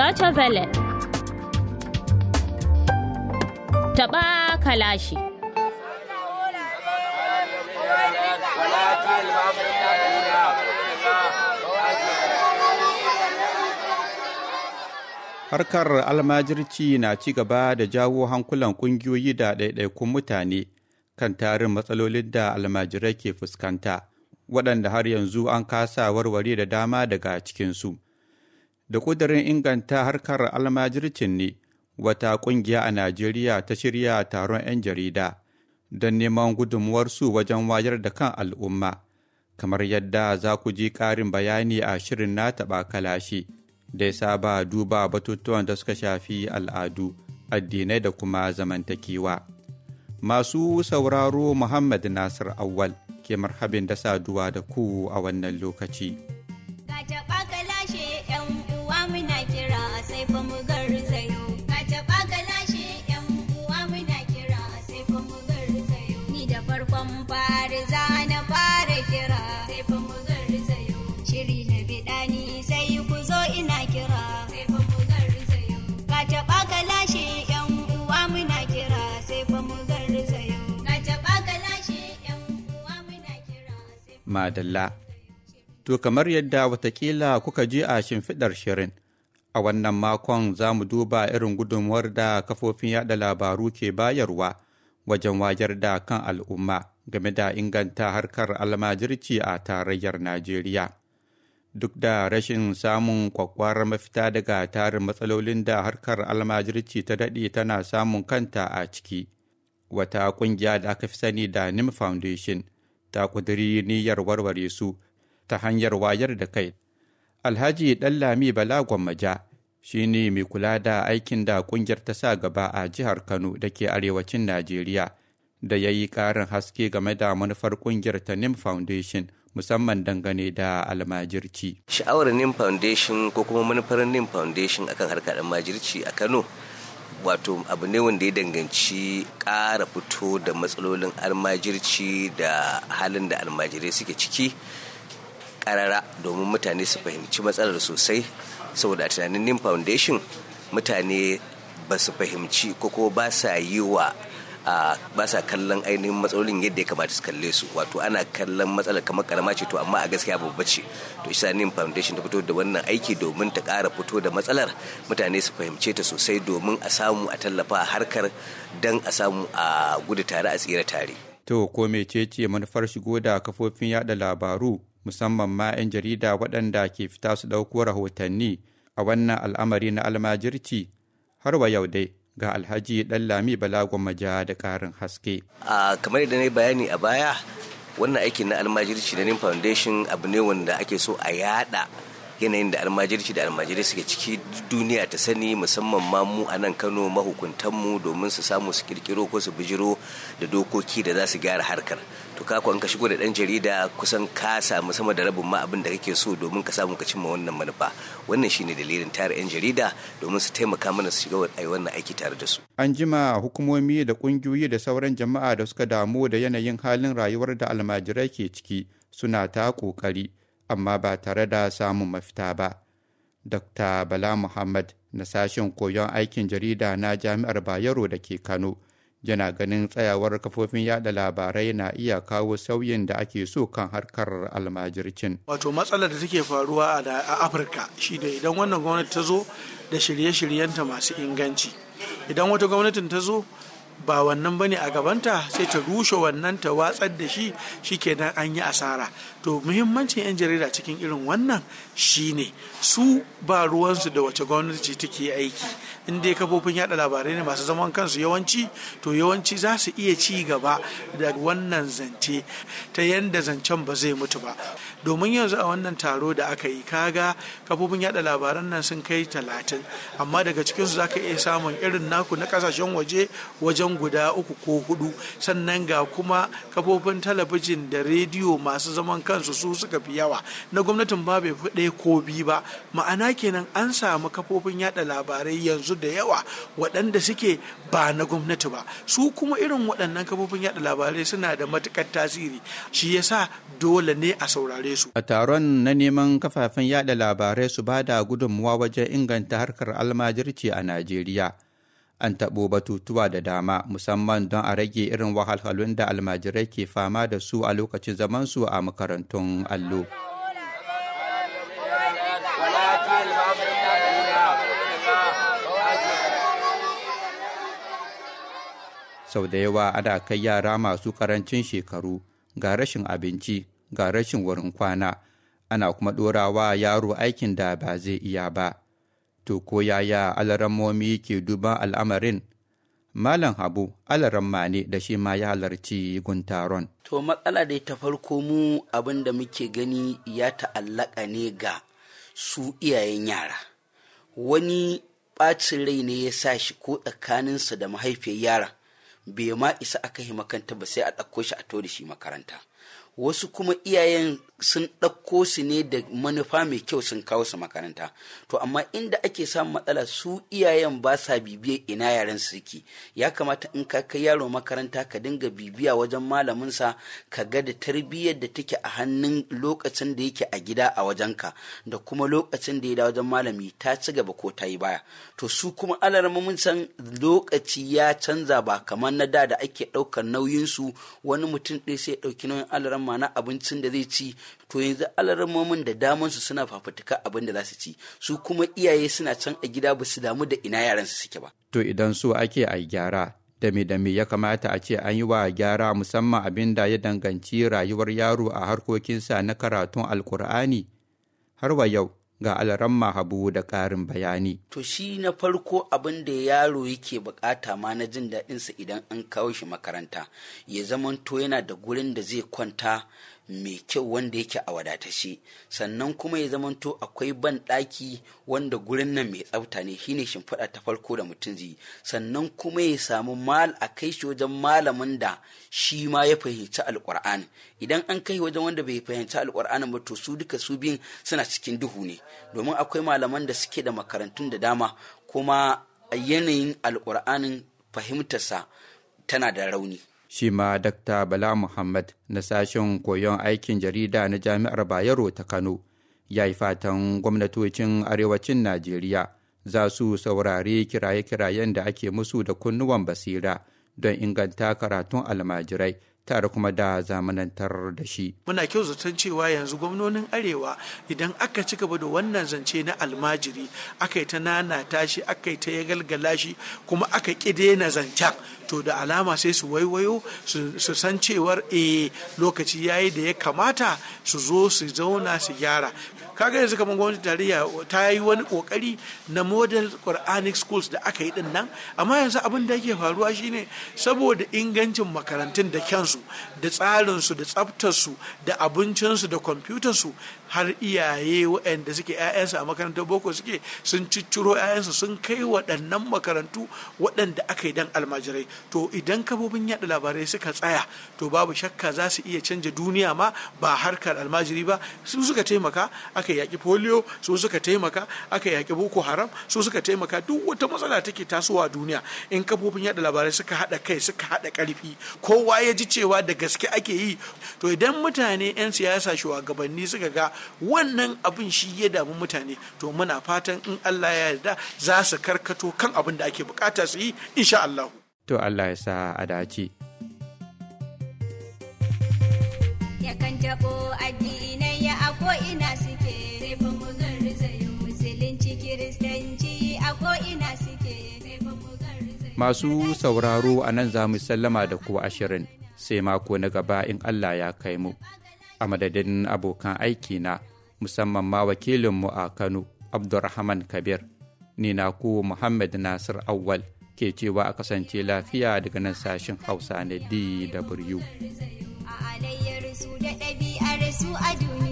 Deutsche Welle. Taɓa kalashi. Harkar almajirci na ci gaba da jawo hankulan ƙungiyoyi da ɗaiɗaikun mutane kan tarin matsalolin da almajirai ke fuskanta, waɗanda har yanzu an kasa warware da dama daga cikinsu. da ƙudurin inganta harkar almajircin ne wata ƙungiya a Najeriya ta shirya taron 'yan jarida don neman gudunmuwarsu wajen wayar da kan al'umma, kamar yadda za ku ji ƙarin bayani a shirin na taɓa kalashi da ya saba duba batutuwan da suka shafi al'adu, addinai da kuma zamantakewa. Masu sauraro Muhammad Nasir Awal ke marhabin da saduwa da ku a wannan lokaci. madalla. To kamar yadda watakila kuka ji a shimfiɗar shirin, a wannan makon za mu duba irin gudunmuwar da kafofin yaɗa labaru ke bayarwa wajen wayar da kan al'umma game da inganta harkar almajirci a tarayyar Najeriya. Duk da rashin samun kwakwar mafita daga tarin matsalolin da harkar almajirci ta daɗe tana samun kanta a ciki. Wata ƙungiya da aka fi sani da NIM Foundation ta ƙudiri niyyar warware su ta hanyar wayar da kai. Alhaji Ɗanlami Bala Gwammaja shi ne mai kula da aikin da ƙungiyar ta sa gaba a jihar Kano da ke arewacin Najeriya da ya yi ƙarin haske game da manufar ƙungiyar ta NIM Foundation musamman dangane da almajirci. Sha'awar NIM Foundation ko kuma manufar NIM Foundation akan harkar almajirci a Kano wato abu ne wanda ya danganci ƙara fito da matsalolin almajirci da halin da almajirai suke ciki ƙarara domin mutane su fahimci matsalar sosai saboda tunanin nim foundation mutane ba su fahimci ko ba sa yi wa ba sa kallon ainihin matsalolin yadda ya kamata su kalle su wato ana kallon matsalar kamar karama ce to amma a gaskiya babba ce to isa nin foundation ta fito da wannan aiki domin ta ƙara fito da matsalar mutane su fahimce ta sosai domin a samu a tallafa harkar dan a samu a gudu tare a tsira tare to ko ce manufar shigo da kafofin yada labaru musamman ma 'yan jarida waɗanda ke fita su ɗauko rahotanni a wannan al'amari na almajirci har wa yau dai ga alhaji lami balagon maja da karin haske a kamar da na yi bayani a baya wannan aikin na almajirci da foundation abu ne wanda ake so a yada yanayin da almajirci da almajirai suke ciki duniya ta sani musamman ma mu a nan kano mahukuntanmu domin su samu su kirkiro ko su bijiro da dokoki da za su gyara harkar to ka ka shigo da dan jarida kusan ka samu sama da rabin ma abin da kake so domin ka samu ka cimma wannan manufa wannan shine dalilin tare yan jarida domin su taimaka mana su shiga wannan aiki tare da su an jima hukumomi da kungiyoyi da sauran jama'a da suka damu da yanayin halin rayuwar da almajirai ke ciki suna ta kokari amma ba tare da samun mafita ba dr bala muhammad na sashen koyon aikin jarida na jami'ar bayero da ke kano yana ganin tsayawar kafofin yada labarai na iya kawo sauyin da ake so kan harkar almajircin. Wato matsalar da take faruwa a Afirka shi da idan wannan gwamnati ta zo da shirye-shiryenta masu inganci. Idan wata gwamnatin ta zo ba wannan bane a gabanta sai ta rushe wannan ta watsar da shi shi kenan an yi asara to muhimmancin 'yan jarida cikin irin wannan shine su ba ruwansu da wace gwamnati take aiki inda dai kafofin yada labarai ne masu zaman kansu yawanci to yawanci za su iya ci gaba da wannan zance ta yadda zancen ba zai mutu ba domin yanzu a wannan taro da aka yi kaga kafofin yada labaran nan sun kai talatin amma daga cikinsu za ka iya samun irin naku na kasashen waje wajen guda uku ko hudu sannan ga kuma kafofin talabijin da rediyo masu zaman kansu su suka fi yawa na gwamnatin ba bai fi ɗaya ko biyu ba ma'ana kenan an samu kafofin yada labarai yanzu da yawa waɗanda suke ba na gwamnati ba su kuma irin waɗannan kafofin yada labarai suna da matukar tasiri shi yasa dole ne a saurare su a taron na neman kafafen yada labarai su ba da gudunmuwa wajen inganta harkar almajirci a najeriya an taɓo batutuwa da dama musamman don a rage irin wahalhalun da almajirai ke fama da su a lokacin zamansu a makarantun allo. sau da yawa ana kai yara masu karancin shekaru ga rashin abinci ga rashin wurin kwana ana kuma ɗorawa yaro aikin da ba zai iya ba to ko yaya alarammomi ke duban al'amarin Malam Habu alaramma ne da shi ma ya halarci guntaron. To matsala dai ta farko mu abin da muke gani ya ta'allaka ne ga su iyayen yara. Wani ɓacin rai ne ya sa shi ko tsakaninsa da mahaifiyar yara bai ma isa aka yi makanta ba sai a ɗauko shi a to da shi makaranta. Wasu kuma iyayen sun ɗauko su ne da manufa mai kyau sun kawo su makaranta to amma inda ake samun matsala su iyayen ba sa bibiyar ina yaren suke ya kamata in ka kai yaro makaranta ka dinga bibiya wajen malaminsa ka ga da tarbiyyar da take a hannun lokacin da yake a gida a wajenka da kuma lokacin da ya da wajen malami ta ci gaba ko ta yi baya to su kuma mun san lokaci ya canza ba kamar na da da ake ɗaukar nauyinsu wani mutum ɗaya sai ya ɗauki nauyin alarma na abincin da zai ci to yanzu alarmomin da su suna fafutuka abin da za su ci su kuma iyaye suna can a gida ba su damu da ina yaran su suke ba to idan so ake a gyara da me da me ya kamata a ce an yi wa gyara musamman abin da ya danganci rayuwar yaro a harkokinsa na karatun alkur'ani har wa yau ga alaramma habu da ƙarin bayani. To shi na farko abin da yaro yake bukata ma na jin daɗinsa idan an kawo shi makaranta, ya zamanto yana da gurin da zai kwanta mai kyau wanda yake a wadatashe sannan kuma ya zamanto akwai ban ɗaki wanda gurin nan mai tsafta ne shine shimfiɗa ta farko da mutum zai sannan kuma ya samu mal a kai shi wajen malamin da shi ma ya fahimci alƙur'ani idan an kai wajen wanda bai fahimci alƙur'ani ba to su duka su biyun suna cikin duhu ne domin akwai malaman da suke da makarantun da dama kuma yanayin alƙur'anin fahimtarsa tana da rauni shi ma Dr. Bala Muhammad na sashen koyon aikin jarida na Jami'ar Bayero ta Kano ya yi fatan gwamnatocin arewacin Najeriya za su saurari kiraye-kirayen da ake musu da kunnuwan basira don inganta karatun almajirai tare kuma da zamanantar da shi. Muna kyau zaton cewa yanzu gwamnonin Arewa idan aka ci gaba da wannan zance na almajiri aka yi ta nana tashi aka yi ta ya galgala shi kuma aka ƙi daina zancen to da alama sai su waiwayo su san cewar e lokaci yayi da ya kamata su zo su zauna su gyara kaga yanzu kamar gwamnati tarayya ta yi wani kokari na model quranic schools da aka yi din nan amma yanzu abin da yake faruwa shine saboda ingancin makarantun da kyan kansu da tsarinsu da tsaftarsu da abincinsu da kwamfutarsu har iyaye waɗanda suke 'ya'yansu a makarantar boko suke sun cicciro 'ya'yansu sun kai waɗannan makarantu waɗanda aka yi dan almajirai to idan kafofin yaɗa labarai suka tsaya to babu shakka za su iya canja duniya ma ba harkar almajiri ba su suka taimaka aka yaƙi polio su suka taimaka aka yaƙi boko haram su suka taimaka duk wata matsala take tasowa duniya in kafofin yaɗa labarai suka haɗa kai suka haɗa ƙarfi kowa ya ji cewa da gaske ake yi to idan mutane 'yan siyasa shugabanni suka ga wannan abin shi ya damu mutane to muna fatan in Allah ya yarda za su karkato kan abin da ake bukata su yi insha Allah to Allah ya sa a dace ya addinai musulunci kiristanci ina masu sauraro a nan za mu sallama da ku ashirin sai mako na gaba in Allah ya kai mu a madadin abokan aiki na musamman ma wakilinmu a Kano Abdulrahman Kabir ni na ku Muhammad Nasir Awwal ke cewa a kasance lafiya daga nan sashin Hausa na DW a alayyar su da su a duniya